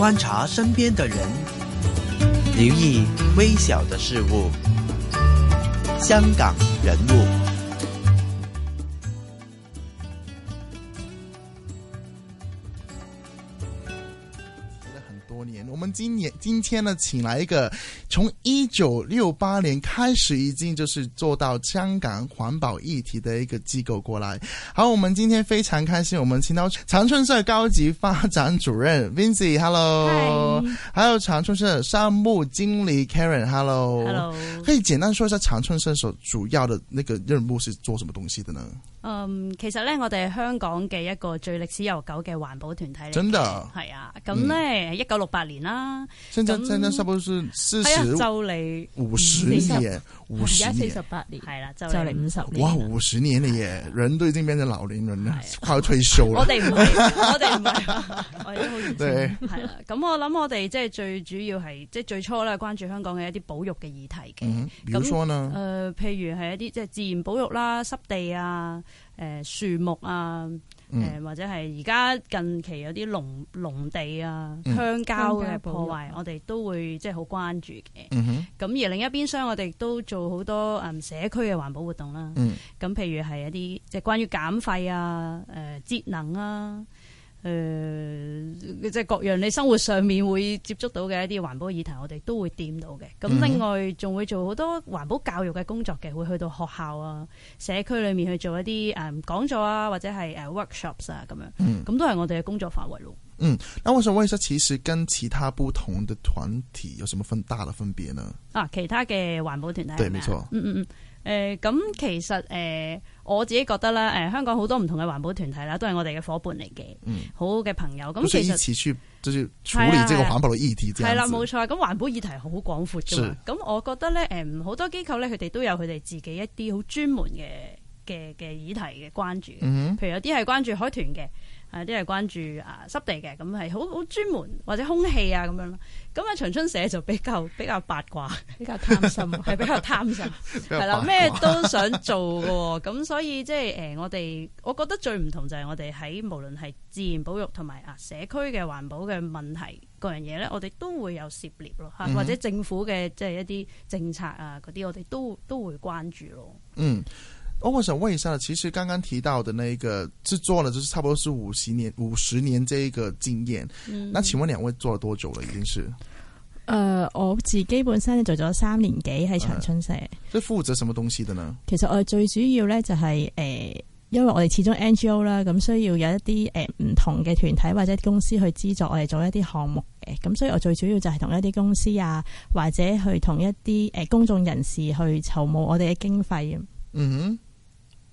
觀察身邊的人，留意微小的事物。香港人物。今年今天呢，請來一個從一九六八年開始已經就是做到香港環保議題的一個機構過來。好，我們今天非常開心，我們請到長春社高級發展主任 Vincy，Hello Hi 還有長春社商務經理 Karen，Hello，Hello，Hello 可以簡單說一下長春社所主要的那個任務是做什麼東西的呢？嗯，um, 其實咧，我哋香港嘅一個最歷史悠久嘅環保團體，真的，係啊，咁咧一九六八年啦。而家，而家，差不多是四十、五十年、五十年、五十年，而家四十八年，係啦，就嚟五十年。哇，五十年嘅嘢，人都已經變成老年人啦，快退休啦。我哋唔係，我哋唔係，我哋好年輕。係啦，咁我諗我哋即係最主要係，即係最初咧關注香港嘅一啲保育嘅議題嘅。嗯，表率啦。誒，譬如係一啲即係自然保育啦，濕地啊，誒，樹木啊。誒、嗯、或者係而家近期有啲農農地啊、鄉郊嘅破壞，嗯、我哋都會即係好關注嘅。咁、嗯、哼而另一邊廂，我哋都做好多誒社區嘅環保活動啦。咁、嗯、譬如係一啲即係關於減廢啊、誒、呃、節能啊、誒、呃，即係各樣你生活上面會接觸到嘅一啲環保議題，我哋都會掂到嘅。咁另外仲、嗯、會做好多環保教育嘅工作嘅，會去到學校啊、社區裏面去做一啲誒講座啊，或者係誒 workshops 啊咁樣。嗯，咁都係我哋嘅工作範圍咯。嗯，那我想問一下，其實跟其他不同的團體有什麼分大的分別呢？啊，其他嘅環保團體係咪啊？對，冇錯、嗯。嗯嗯嗯。誒咁、呃、其實誒、呃、我自己覺得啦，誒、呃、香港好多唔同嘅環保團體啦，都係我哋嘅伙伴嚟嘅，嗯、好好嘅朋友。咁、嗯、其實，就係處理呢個環保嘅議題，嗯。係、嗯、啦，冇、嗯、錯。咁、嗯、環保議題好廣闊嘅嘛。咁是、嗯、我覺得咧，誒、呃、好多機構咧，佢哋都有佢哋自己一啲好專門嘅。嘅嘅議題嘅關注，譬如有啲係關注海豚嘅，有啲係關注啊濕地嘅，咁係好好專門，或者空氣啊咁樣咯。咁啊，長春社就比較比較八卦， 比較貪心，係 比較貪心，係啦，咩都想做嘅。咁 所以即係誒，我、呃、哋我覺得最唔同就係我哋喺無論係自然保育同埋啊社區嘅環保嘅問題各樣嘢咧，我哋都會有涉獵咯，嗯，或者政府嘅即係一啲政策啊嗰啲，我哋都都會關注咯。嗯。我想問一下其實剛剛提到的那一個製作呢，就是差不多是五十年、五十年這一個經驗。嗯，那請問兩位做了多久了？已經是？誒、呃，我自己本身做咗三年幾喺長春社。即係負責什麼東西的呢？其實我最主要呢、就是，就係誒，因為我哋始終 NGO 啦，咁需要有一啲誒唔同嘅團體或者公司去資助我哋做一啲項目嘅。咁所以我最主要就係同一啲公司啊，或者去同一啲誒公眾人士去籌募我哋嘅經費。嗯哼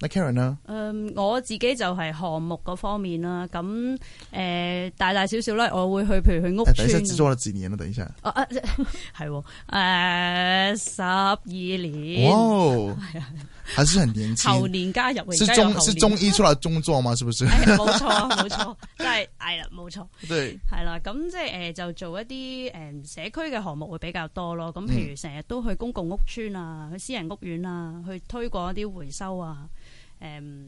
嗱，Karen 啊，呢嗯，我自己就係項目嗰方面啦、啊，咁誒、呃、大大小小咧，我會去譬如去屋邨、啊欸，等一下，做咗幾年啦，等一下，係、啊，誒十二年，哦哇，係啊，還是很年輕，後年加入，是中年是中醫出嚟，中作嘛，是不是？冇錯、欸，冇錯，真係係啦，冇錯，對、呃，係啦，咁即係誒就做一啲誒社區嘅項目會比較多咯，咁譬如成日都去公共屋邨啊，去私人屋苑啊，去推廣一啲回收啊。誒，誒、嗯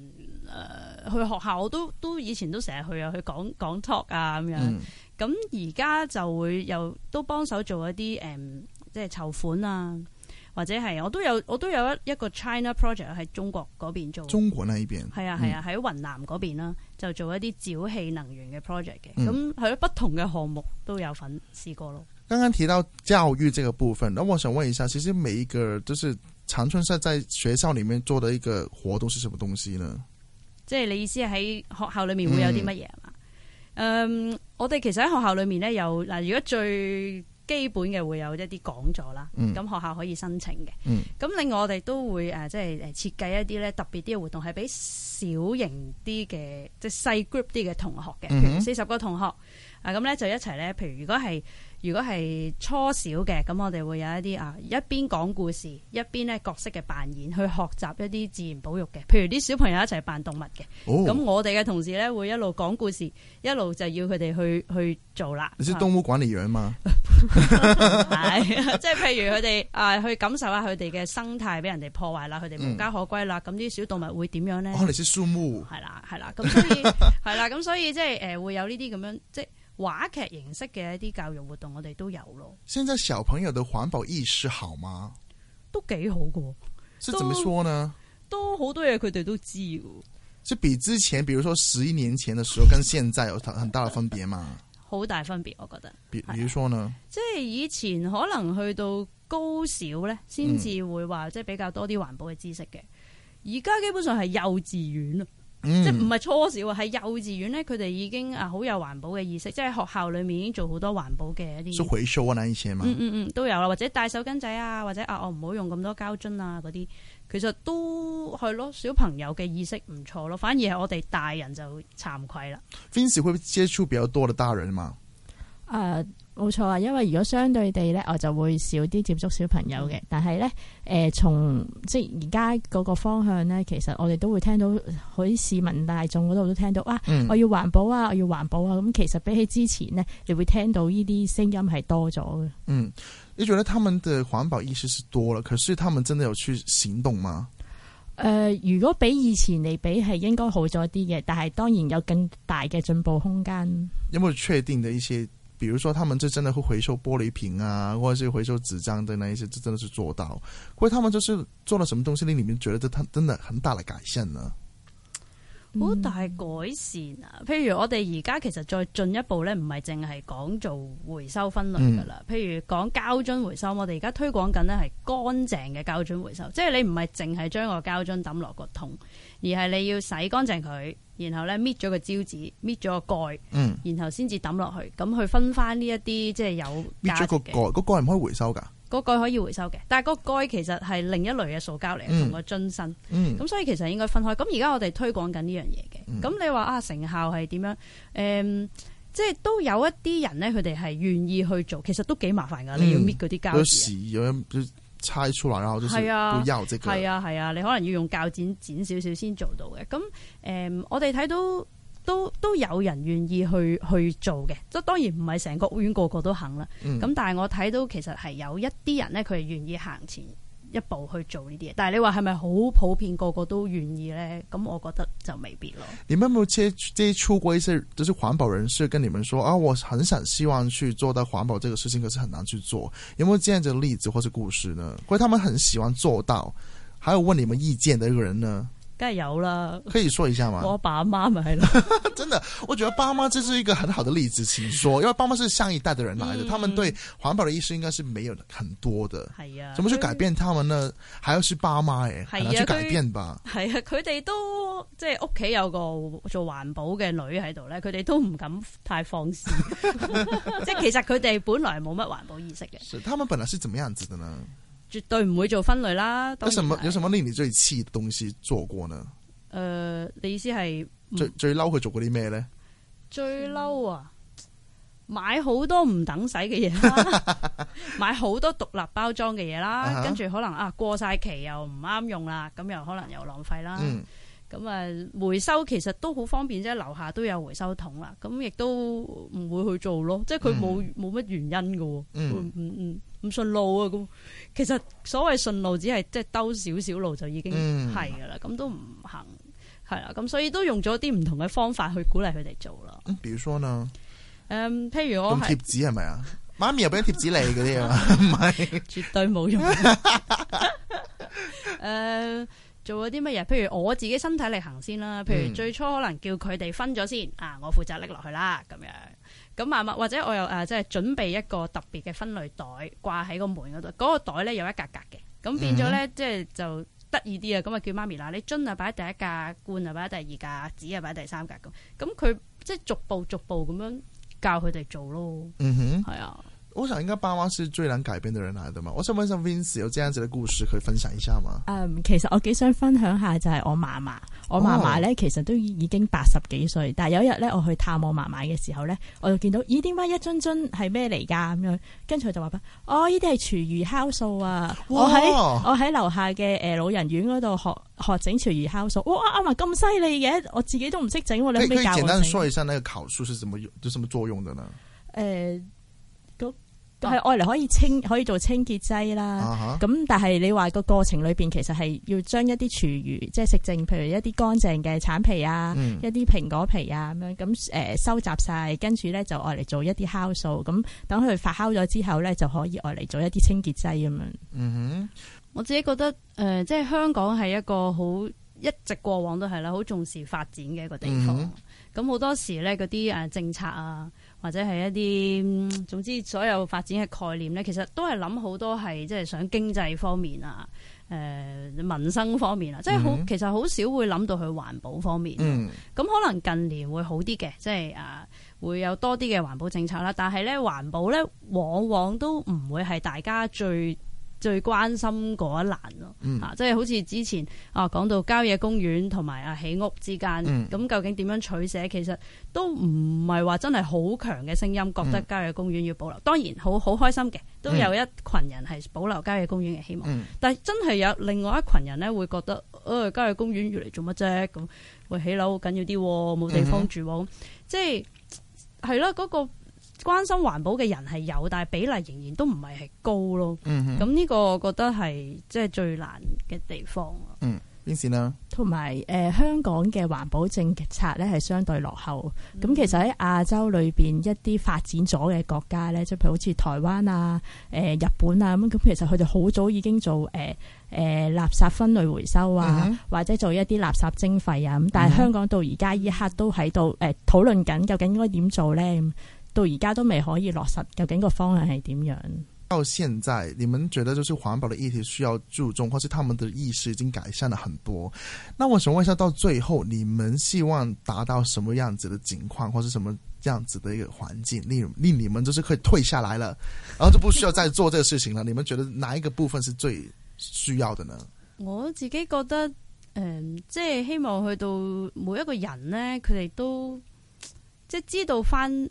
呃，去學校我都都以前都成日去，去講講啊，去講講 talk 啊咁樣。咁而家就會又都幫手做一啲誒、嗯，即係籌款啊，或者係我都有，我都有一一個 China project 喺中國嗰邊做，中國呢邊係啊係啊，喺雲、啊嗯、南嗰邊啦，就做一啲沼氣能源嘅 project 嘅、嗯。咁喺不同嘅項目都有份試過咯。剛剛提到教育呢個部分，咁我想問一下，其實每一個都、就是。長春社在學校裏面做的一個活動是什麼東西呢？即係你意思喺學校裏面會有啲乜嘢啊？嘛、嗯，嗯，我哋其實喺學校裏面咧有嗱，如果最基本嘅會有一啲講座啦，咁學校可以申請嘅，咁、嗯、另外我哋都會誒、呃、即係誒設計一啲咧特別啲嘅活動，係俾小型啲嘅即係細 group 啲嘅同學嘅，四十個同學。嗯嗯啊咁咧就一齊咧，譬如如果係如果係初小嘅，咁我哋會有一啲啊一邊講故事，一邊咧角色嘅扮演去學習一啲自然保育嘅。譬如啲小朋友一齊扮動物嘅，咁我哋嘅同事咧會一路講故事，一路就要佢哋去去做啦。你知東屋管理員嘛？係即係譬如佢哋啊去感受下佢哋嘅生態俾人哋破壞啦，佢哋無家可歸啦，咁啲小動物會點樣咧？你識樹屋？係啦係啦，咁所以係啦，咁所以即係誒會有呢啲咁樣即話劇形式嘅一啲教育活動，我哋都有咯。現在小朋友嘅環保意識好嗎？都幾好噶，即係怎麼說呢？都好多嘢佢哋都知嘅。即就比之前，比如說十一年前嘅時候，跟現在有很大嘅分別嘛。 好大分別，我覺得。比如說呢，即係以前可能去到高小呢，先至會話即係比較多啲環保嘅知識嘅。而家、嗯、基本上係幼稚園嗯、即係唔係初小喺幼稚園咧，佢哋已經啊好有環保嘅意識，即係學校裏面已經做好多環保嘅一啲。回收嗰啲些嘛、嗯，嗯嗯嗯，都有啦，或者帶手巾仔啊，或者啊我唔好用咁多膠樽啊嗰啲，其實都係咯，小朋友嘅意識唔錯咯，反而係我哋大人就慚愧啦。f i n s 會唔會接觸比較多嘅大人嘛？誒、呃。冇錯啊，因為如果相對地咧，我就會少啲接觸小朋友嘅。但係咧，誒、呃，從即係而家嗰個方向咧，其實我哋都會聽到好似市民大眾嗰度都聽到啊，嗯、我要環保啊，我要環保啊。咁其實比起之前咧，你會聽到呢啲聲音係多咗嘅。嗯，你覺得他們嘅環保意識是多了，可是他們真的有去行動嗎？誒、呃，如果比以前嚟比係應該好咗啲嘅，但係當然有更大嘅進步空間。有冇確定嘅一些？比如說，他們就真的會回收玻璃瓶啊，或者是回收紙張的那一些，就真的是做到。或者他們就是做了什麼東西令你們覺得這他真的很大的改善呢？嗯、好大改善啊！譬如我哋而家其實再進一步咧，唔係淨係講做回收分類噶啦，嗯、譬如講膠樽回收，我哋而家推廣緊呢係乾淨嘅膠樽回收，即係你唔係淨係將個膠樽抌落個桶，而係你要洗乾淨佢。然後咧，搣咗個招紙，搣咗個蓋，個蓋嗯、然後先至抌落去。咁去分翻呢一啲，即係有搣咗個蓋，嗰蓋唔可以回收噶。嗰蓋可以回收嘅，但係個蓋其實係另一類嘅塑膠嚟，嘅、嗯，同個樽身，咁、嗯、所以其實應該分開。咁而家我哋推廣緊呢樣嘢嘅。咁、嗯、你話啊成效係點樣？誒、嗯，即係都有一啲人咧，佢哋係願意去做，其實都幾麻煩噶。你要搣嗰啲膠，嗯嗯猜出嚟，啦，後就會優係啊，係啊，啊，你可能要用鉸剪剪少少先做到嘅。咁誒、呃，我哋睇到都都有人願意去去做嘅。即當然唔係成個屋苑個個都肯啦。咁、嗯、但係我睇到其實係有一啲人咧，佢係願意行前。一步去做呢啲嘢，但係你話係咪好普遍，個個都願意呢？咁我覺得就未必咯。你們有冇接觸過一些就是環保人士跟你們說啊，我很想希望去做到環保這個事情，可是很難去做。有冇這樣子例子或者故事呢？或者他們很喜歡做到，還有問你們意見的一個人呢？梗係有啦，可以說一下嗎？我阿爸阿媽咪係咯，真的，我覺得爸媽這是一個很好的例子，請說，因為爸媽是上一代的人嚟的，嗯、他們對環保的意識應該是沒有很多的。係啊、嗯，怎麼去改變他們呢？還要是爸媽誒、欸，啊、去改變吧。係啊，佢哋、啊、都即係屋企有個做環保嘅女喺度咧，佢哋都唔敢太放肆。 即係其實佢哋本來冇乜環保意識嘅。是，他們本來是怎麼樣子嘅呢？絕對唔會做分類啦。有什麼有什麼令你最黐東西做過呢？誒、呃，你意思係最最嬲佢做過啲咩呢？最嬲啊！買好多唔等使嘅嘢啦， 買好多獨立包裝嘅嘢啦，跟住、uh huh. 可能啊過晒期又唔啱用啦，咁又可能又浪費啦。嗯咁啊，回收其實都好方便即係，樓下都有回收桶啦。咁亦都唔會去做咯，即係佢冇冇乜原因噶唔唔唔順路啊。咁其實所謂順路只，只係即係兜少少路就已經係噶啦。咁、嗯、都唔行係啦。咁所以都用咗啲唔同嘅方法去鼓勵佢哋做咯。嗯，比如說呢？嗯，譬如我貼紙係咪啊？媽 咪又俾貼紙你嗰啲啊？ 唔係，絕對冇用、 呃。誒。做咗啲乜嘢？譬如我自己身體力行先啦，譬如最初可能叫佢哋分咗先，嗯、啊我負責拎落去啦咁樣。咁啊或者我又誒即係準備一個特別嘅分類袋掛喺個門嗰度，嗰、嗰個袋咧有一格格嘅，咁變咗咧、嗯、哼即係就得意啲啊！咁啊叫媽咪嗱，你樽啊擺第一格，罐啊擺第二格，紙啊擺第三格咁。咁佢即係逐步逐步咁樣教佢哋做咯。嗯係哼啊。我想應該爸媽是最難改變的人嚟的嘛？我想問下 Vince 有這樣子嘅故事可以分享一下嗎？Um, 其實我幾想分享下，就係我嫲嫲，我嫲嫲咧其實都已經八十幾歲，但係有一日咧我去探望我嫲嫲嘅時候咧，我就見到咦，點、欸、解一樽樽係咩嚟噶？咁樣，跟住就話哦，呢啲係廚餘酵素啊！哇我喺我喺樓下嘅誒老人院嗰度學學整廚餘酵素，哇、哦！阿嫲咁犀利嘅，我自己都唔識整，我哋可，可以簡單說一下，那個酵素是怎麼有什麼作用嘅呢？誒、呃。係愛嚟可以清可以做清潔劑啦，咁、啊、哈但係你話個過程裏邊其實係要將一啲廚餘，即係食剩，譬如一啲乾淨嘅橙皮啊，嗯、一啲蘋果皮啊咁樣，咁、呃、誒收集晒，跟住咧就愛嚟做一啲酵素，咁等佢發酵咗之後咧就可以愛嚟做一啲清潔劑咁樣。嗯哼，我自己覺得誒、呃，即係香港係一個好一直過往都係啦，好重視發展嘅一個地方。嗯咁好多時咧，嗰啲誒政策啊，或者係一啲總之所有發展嘅概念咧，其實都係諗好多係即係想經濟方面啊，誒、呃、民生方面啊，即係好、mm hmm. 其實好少會諗到去環保方面。咁、mm hmm. 可能近年會好啲嘅，即係啊會有多啲嘅環保政策啦。但係咧環保咧，往往都唔會係大家最最關心嗰一欄咯，嗯、啊，即係好似之前啊講到郊野公園同埋啊起屋之間，咁、嗯、究竟點樣取捨，其實都唔係話真係好強嘅聲音，覺得郊野公園要保留。嗯、當然好好開心嘅，都有一群人係保留郊野公園嘅希望。嗯、但係真係有另外一群人咧，會覺得，誒、哎、郊野公園越嚟做乜啫？咁，喂起樓好緊要啲，冇地方住，嗯、哼即係係啦嗰個。關心環保嘅人係有，但係比例仍然都唔係係高咯。咁呢、嗯、哼個我覺得係即係最難嘅地方。嗯，邊先啦？同埋誒，香港嘅環保政策咧係相對落後。咁、嗯、哼其實喺亞洲裏邊一啲發展咗嘅國家咧，即係譬如好似台灣啊、誒、呃、日本啊咁。咁其實佢哋好早已經做誒誒、呃呃、垃圾分類回收啊，嗯、哼或者做一啲垃圾徵費啊。咁但係香港到而家呢刻都喺度誒討論緊，呃、究竟應該點做咧？到而家都未可以落實，究竟個方向係點樣？到現在，你們覺得就是環保的議題需要注重，或是他們的意識已經改善了很多。那我想問一下，到最後你們希望達到什麼樣子的情況，或者什麼樣子的一個環境，令令你們就是可以退下來了，然後就不需要再做這個事情了？ 你們覺得哪一個部分是最需要的呢？我自己覺得，誒、嗯，即、就、係、是、希望去到每一個人呢，佢哋都即係、就是、知道翻。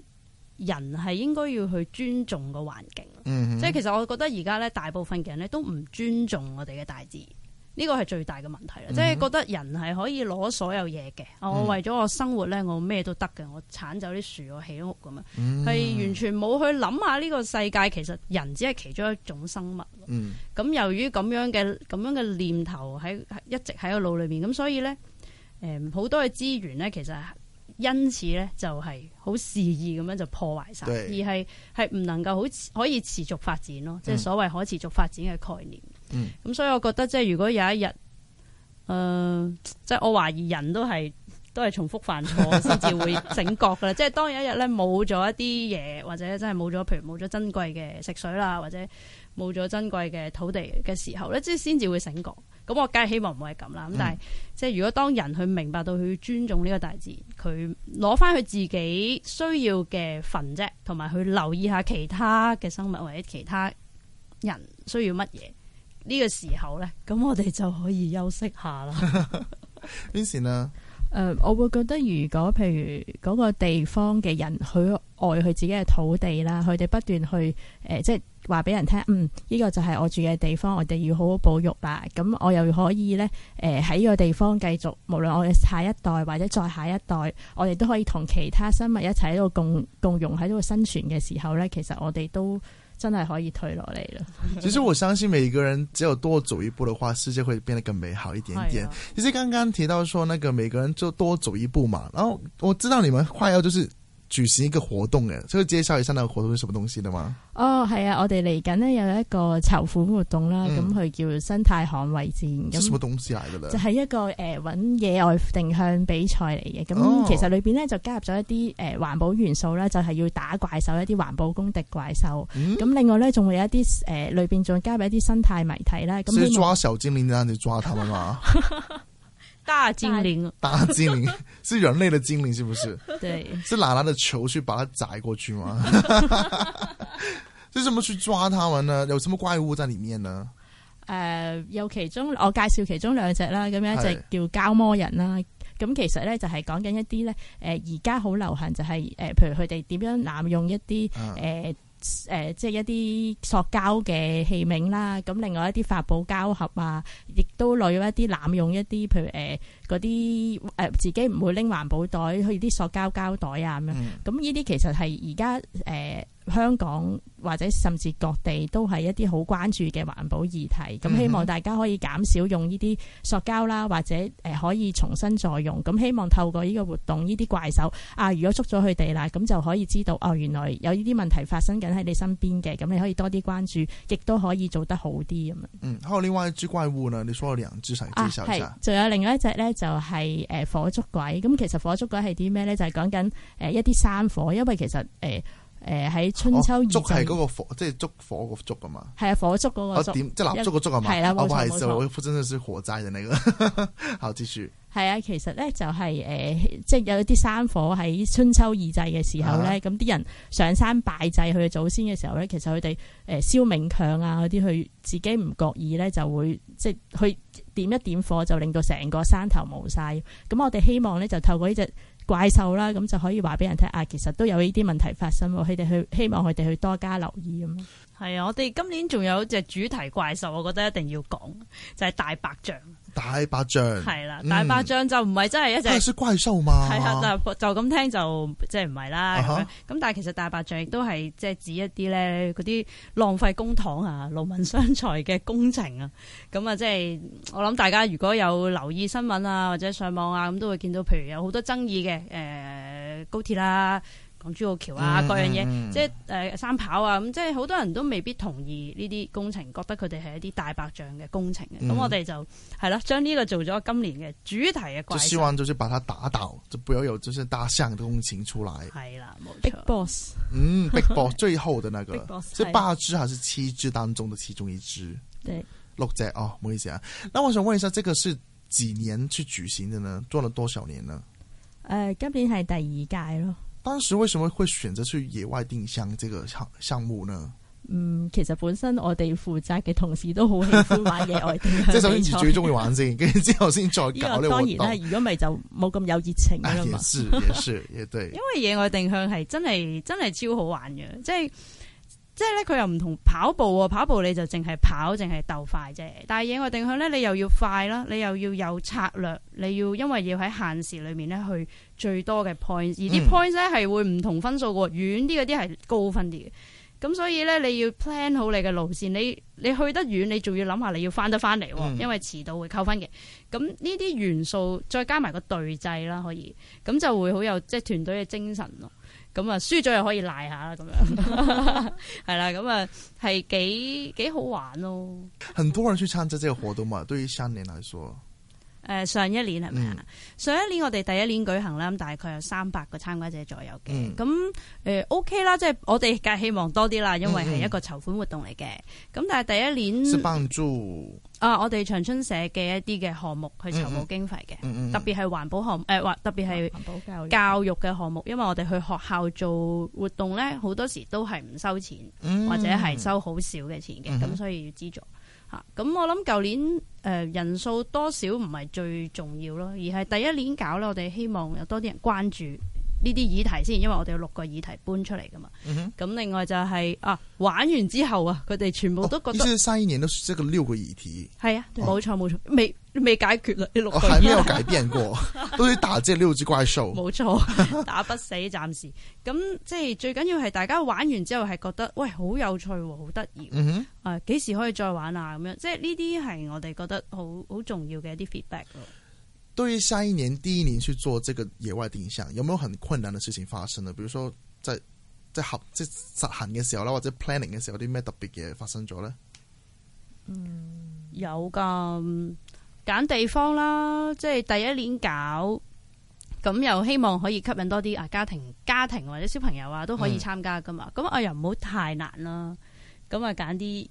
人係應該要去尊重個環境，mm hmm. 即係其實我覺得而家咧大部分嘅人咧都唔尊重我哋嘅大自然，呢個係最大嘅問題啦。Mm hmm. 即係覺得人係可以攞所有嘢嘅，mm hmm. 我為咗我生活咧，我咩都得嘅，我剷走啲樹，我起屋咁啊，係、mm hmm. 完全冇去諗下呢個世界其實人只係其中一種生物。咁、mm hmm. 由於咁樣嘅咁樣嘅念頭喺一直喺個腦裏面，咁所以咧誒好多嘅資源咧其實。因此咧，就係好肆意咁樣就破壞晒，對而係係唔能夠好可以持續發展咯，嗯、即係所謂可持續發展嘅概念。咁、嗯嗯、所以，我覺得即係如果有一日，誒、呃，即係我懷疑人都係都係重複犯錯先至會醒覺噶啦。 即係當有一日咧冇咗一啲嘢，或者真係冇咗，譬如冇咗珍貴嘅食水啦，或者冇咗珍貴嘅土地嘅時候咧，即係先至會醒覺。咁我梗係希望唔係咁啦，咁但係即係如果當人去明白到去尊重呢個大自然，佢攞翻佢自己需要嘅份啫，同埋去留意下其他嘅生物或者其他人需要乜嘢呢個時候咧，咁我哋就可以休息下啦。邊時啊？誒，我會覺得如果譬如嗰，那個地方嘅人佢愛佢自己嘅土地啦，佢哋不斷去誒、呃，即係。話俾人聽，嗯，呢個就係我住嘅地方，我哋要好好保育啦。咁我又可以咧，誒喺呢個地方繼續，無論我哋下一代或者再下一代，我哋都可以同其他生物一齊喺度共共融喺度生存嘅時候咧，其實我哋都真係可以退落嚟啦。其實我相信每個人只要多走一步嘅話，世界會變得更美好一點點。 其實剛剛提到說，那個每個人就多走一步嘛，然後我知道你們快要就是。主持一個活動嘅，所以介紹下生態活動係什麼東西啦嘛？哦，係啊，我哋嚟緊咧有一個籌款活動啦，咁佢、嗯、叫生態捍衛戰，咁係什麼東西嚟噶咧？就係一個誒搵、呃、野外定向比賽嚟嘅，咁、嗯哦、其實裏邊呢，就加入咗一啲誒環保元素啦，就係、是、要打怪獸一啲環保公敵怪獸，咁、嗯、另外咧仲會有一啲誒裏邊仲加入一啲生態謎題啦，咁抓小精靈、啊、你抓佢啊嘛。 大精靈，大精靈 是人類的精靈，是不是？ 對，是拿拿的球去把它載過去嗎？就 怎麼去抓他們呢？有什麼怪物在裏面呢？誒、呃，有其中我介紹其中兩隻啦，咁樣一隻叫膠魔人啦。咁是其實咧就係講緊一啲咧，誒而家好流行就係誒，譬如佢哋點樣濫用一啲誒。嗯呃誒、呃，即係一啲塑膠嘅器皿啦，咁另外一啲發泡膠盒啊，亦都攞一啲濫用一啲，譬如誒嗰啲誒自己唔會拎環保袋，去啲塑膠膠袋啊咁樣，咁呢啲其實係而家誒。呃香港或者甚至各地都係一啲好關注嘅環保議題，咁、嗯、哼希望大家可以減少用呢啲塑膠啦，或者誒可以重新再用。咁希望透過呢個活動，呢啲怪獸啊，如果捉咗佢哋啦，咁就可以知道哦，原來有呢啲問題發生緊喺你身邊嘅，咁你可以多啲關注，亦都可以做得好啲咁啊。嗯，還有另外一隻怪物啊，你所有哋人介紹一下。仲、啊、有另外一隻咧，就係誒火燭鬼。咁其實火燭鬼係啲咩咧？就係講緊誒一啲山火，因為其實誒。呃誒，喺春秋二祭，係個火，即係燭火個燭啊嘛。係啊，火燭嗰個點即係蠟燭個燭啊嘛。係啦，冇錯冇錯。就發生咗啲火災人嚟嘅你個校志書。係啊，其實咧就係誒，即係有啲山火喺春秋二祭嘅時候咧，咁啲人上山拜祭佢嘅祖先嘅時候咧，其實佢哋誒燒冥鏹啊嗰啲，佢自己唔覺意咧就會即係去點一點火，就令到成個山頭冇晒。咁我哋希望咧就透過呢隻。怪獸啦，咁就可以話俾人聽啊，其實都有呢啲問題發生，佢哋去，希望佢哋去多加留意咁。係啊，我哋今年仲有隻主題怪獸，我覺得一定要講，就係、是、大白象。大白象係啦，的嗯、大白象就唔係真係一隻怪獸嘛。係啊，就咁聽就即係唔係啦。咁、uh huh。但係其實大白象亦都係即係指一啲咧嗰啲浪費公帑啊、勞民傷財嘅工程啊。咁啊、就是，即係我諗大家如果有留意新聞啊或者上網啊，咁都會見到，譬如有好多爭議嘅誒、呃、高鐵啦、啊。港珠澳橋啊，各樣嘢，嗯、即係誒、呃、三跑啊，咁即係好多人都未必同意呢啲工程，覺得佢哋係一啲大白象嘅工程嘅。咁、嗯、我哋就係啦，將呢個做咗今年嘅主題嘅。就希望就是把它打倒，就不要有這些大象嘅工程出嚟。係啦，冇錯。boss 嗯 b o s s 嗯，Big Boss 最後嘅那個，是 Big Boss, 八隻，還是七隻當中嘅其中一隻，對，六隻哦，唔好意思啊。那我想問一下，呢個是幾年去舉行嘅呢？做了多少年呢？誒 、呃，今年係第二屆咯。當時為什麼會選擇去野外定向這個項項目呢？嗯，其實本身我哋負責嘅同事都好喜歡玩野外定向，即係首先最中意玩先，跟住之後先再搞咧。當然咧，如果唔係就冇咁有熱情噶啦嘛。是，啊，是，也是 也對。因為野外定向係真係真係超好玩嘅，即係。即係咧，佢又唔同跑步喎，跑步你就淨係跑，淨係鬥快啫。但係野外定向咧，你又要快啦，你又要有策略，你要因為要喺限時裏面咧去最多嘅 points，而啲 points 咧係會唔同分數嘅，遠啲嗰啲係高分啲嘅。咁所以咧，你要 plan 好你嘅路線，你你去得遠，你仲要諗下你要翻得翻嚟，因為遲到會扣分嘅。咁呢啲元素再加埋個隊制啦，可以咁就會好有即係團隊嘅精神咯。咁啊，輸咗又可以賴下啦，咁樣係啦，咁啊係幾幾好玩咯。哦！很多人去參加呢個活動嘛，對於上年來說，誒、 呃，上一年係咪啊？嗯、上一年我哋第一年舉行啦，大概有三百個參加者左右嘅。咁誒、嗯呃、OK 啦，即、就、係、是、我哋梗係希望多啲啦，因為係一個籌款活動嚟嘅。咁、嗯嗯、但係第一年幫助。啊！我哋長春社嘅一啲嘅項目去籌募經費嘅、嗯哼呃，特別係環保項目誒，或特別係教育嘅項目，因為我哋去學校做活動咧，好多時都係唔收錢、嗯、哼或者係收好少嘅錢嘅，咁、嗯、哼所以要資助吓。咁、啊、我諗舊年誒、呃、人數多少唔係最重要咯，而係第一年搞咧，我哋希望有多啲人關注。呢啲議題先，因為我哋有六個議題搬出嚟噶嘛。咁、嗯、哼另外就係、是、啊，玩完之後啊，佢哋全部都覺得。即係、哦、上一年都即係個六個議題。係啊，冇錯冇錯，未未、哦、解決啦，六個。我、哦、還沒有改變過， 都要打這六隻怪獸。冇錯，打不死，暫時。咁 即係最緊要係大家玩完之後係覺得，喂，好有趣，好得意。嗯哼。幾、啊、時可以再玩啊？咁樣，即係呢啲係我哋覺得好好重要嘅一啲 feedback 咯。對於下一年第一年去做這個野外定向，有沒有很困難的事情發生呢？比如說在，在合在實行嘅時候，啦，或者 planning 嘅時候，有啲咩特別嘢發生咗呢、嗯？有噶，揀地方啦，即係第一年搞，咁又希望可以吸引多啲啊家庭、家庭或者小朋友啊都可以參加噶嘛。咁我又唔好太難啦，咁啊揀啲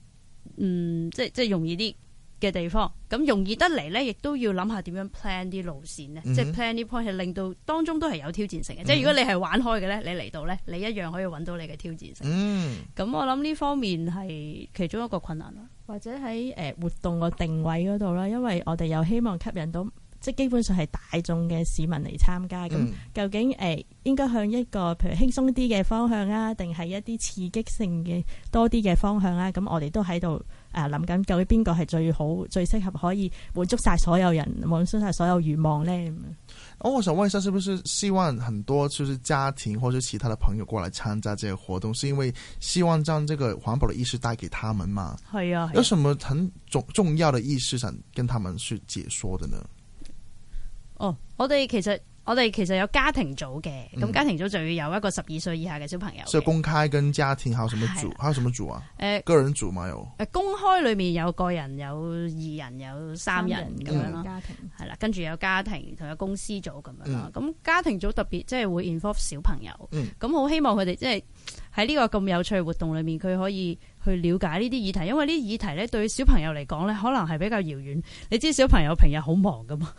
嗯，即係即係容易啲，嘅地方咁容易得嚟呢，亦都要諗下點樣 plan 啲路線呢，嗯、哼即係 plan 啲 point 係令到當中都係有挑戰性嘅。嗯、哼即係如果你係玩開嘅呢，你嚟到呢，你一樣可以揾到你嘅挑戰性。咁、嗯、我諗呢方面係其中一個困難啦，或者喺誒活動個定位嗰度啦，因為我哋又希望吸引到。即基本上係大眾嘅市民嚟參加咁，嗯、究竟誒、呃、應該向一個譬如輕鬆啲嘅方向啊，定係一啲刺激性嘅多啲嘅方向啊？咁我哋都喺度誒諗緊，究竟邊個係最好、最適合可以滿足晒所有人、滿足晒所有願望咧？我我想問一下，是不是希望很多就是家庭或者其他的朋友過嚟參加這個活動，是因為希望將這個環保嘅意識帶給他們嘛？係啊，啊有什麼很重重要的意識想跟他們去解說的呢？哦、我哋其實我哋其實有家庭組嘅，咁、嗯、家庭組就要有一個十二歲以下嘅小朋友。所以公開跟家庭，還有什麼組？啊、還有什麼組啊？誒、呃，個人組嘛有。誒、呃，公開裏面有個人，有二人，有三人咁人樣咯。家庭係啦、啊，跟住有家庭同有公司組咁樣啦。咁、嗯、家庭組特別即係會 involve 小朋友，咁好、嗯嗯、希望佢哋即係喺呢個咁有趣活動裏面，佢可以。去了解呢啲議題，因為呢啲議題咧對小朋友嚟講咧，可能係比較遙遠。你知小朋友平日好忙噶嘛，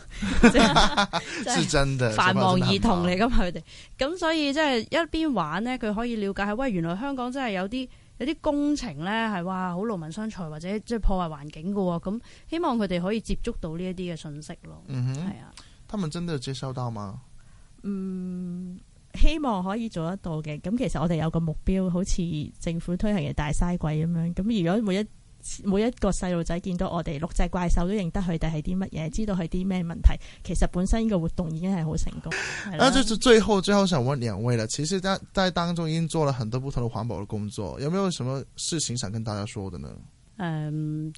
係真嘅，繁忙兒童嚟㗎嘛佢哋。咁所以即係一邊玩咧，佢可以了解，喂，原來香港真係有啲有啲工程咧係哇，好勞民傷財，或者即係破壞環境嘅喎。咁希望佢哋可以接觸到呢一啲嘅信息咯。嗯哼，係啊，他們真的接收到嗎？嗯。希望可以做得到嘅，咁其實我哋有個目標，好似政府推行嘅大嘥鬼咁樣。咁如果每一每一個細路仔見到我哋六隻怪獸，都認得佢哋係啲乜嘢，知道係啲咩問題，其實本身呢個活動已經係好成功。嗯、啦啊，最、就是、最後最後想問兩位啦，其實在在當中已經做了很多不同的環保嘅工作，有沒有什麼事情想跟大家說的呢？誒、嗯，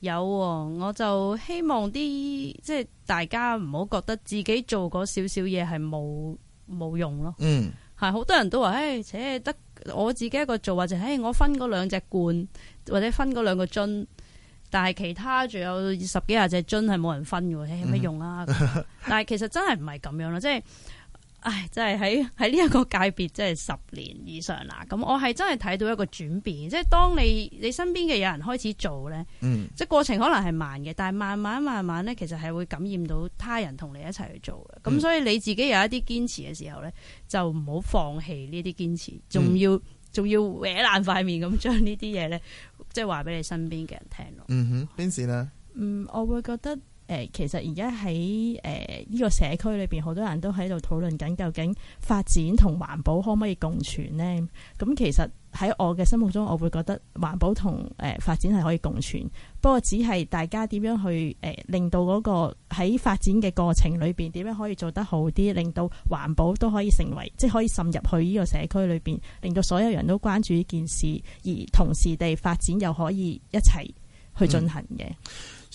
有、哦，我就希望啲即係大家唔好覺得自己做嗰少少嘢係冇。冇用咯，係好、嗯、多人都話，唉，且得我自己一個做或者，唉，我分嗰兩隻罐或者分嗰兩個樽，但係其他仲有十幾廿隻樽係冇人分嘅，唉、嗯，有咩用啊？ 但係其實真係唔係咁樣咯，即係。唉，真係喺喺呢一個界別，真係十年以上啦。咁我係真係睇到一個轉變，即係當你你身邊嘅有人開始做咧，即係、嗯、過程可能係慢嘅，但係慢慢慢慢咧，其實係會感染到他人同你一齊去做嘅。咁、嗯、所以你自己有一啲堅持嘅時候咧，就唔好放棄呢啲堅持，仲要仲、嗯、要歪爛塊面咁將呢啲嘢咧，即係話俾你身邊嘅人聽咯。嗯哼，邊時咧？嗯，我會覺得。誒，其實而家喺誒呢個社區裏邊，好多人都喺度討論緊，究竟發展同環保可唔可以共存呢？咁其實喺我嘅心目中，我會覺得環保同誒發展係可以共存，不過只係大家點樣去誒令到嗰個喺發展嘅過程裏邊，點樣可以做得好啲，令到環保都可以成為即係可以滲入去呢個社區裏邊，令到所有人都關注呢件事，而同時地發展又可以一齊去進行嘅。嗯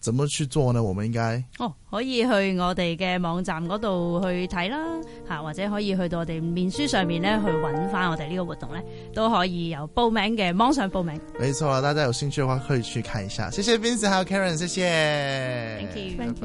怎麼去做呢？我們應該哦，可以去我哋嘅網站度去睇啦，吓或者可以去到我哋面書上面咧去揾返我哋呢個活動咧，都可以由報名嘅網上報名。沒錯，啊，大家有興趣嘅話可以去看一下。謝謝 Vincent，還有 Karen，謝謝。Thank you。Thank you。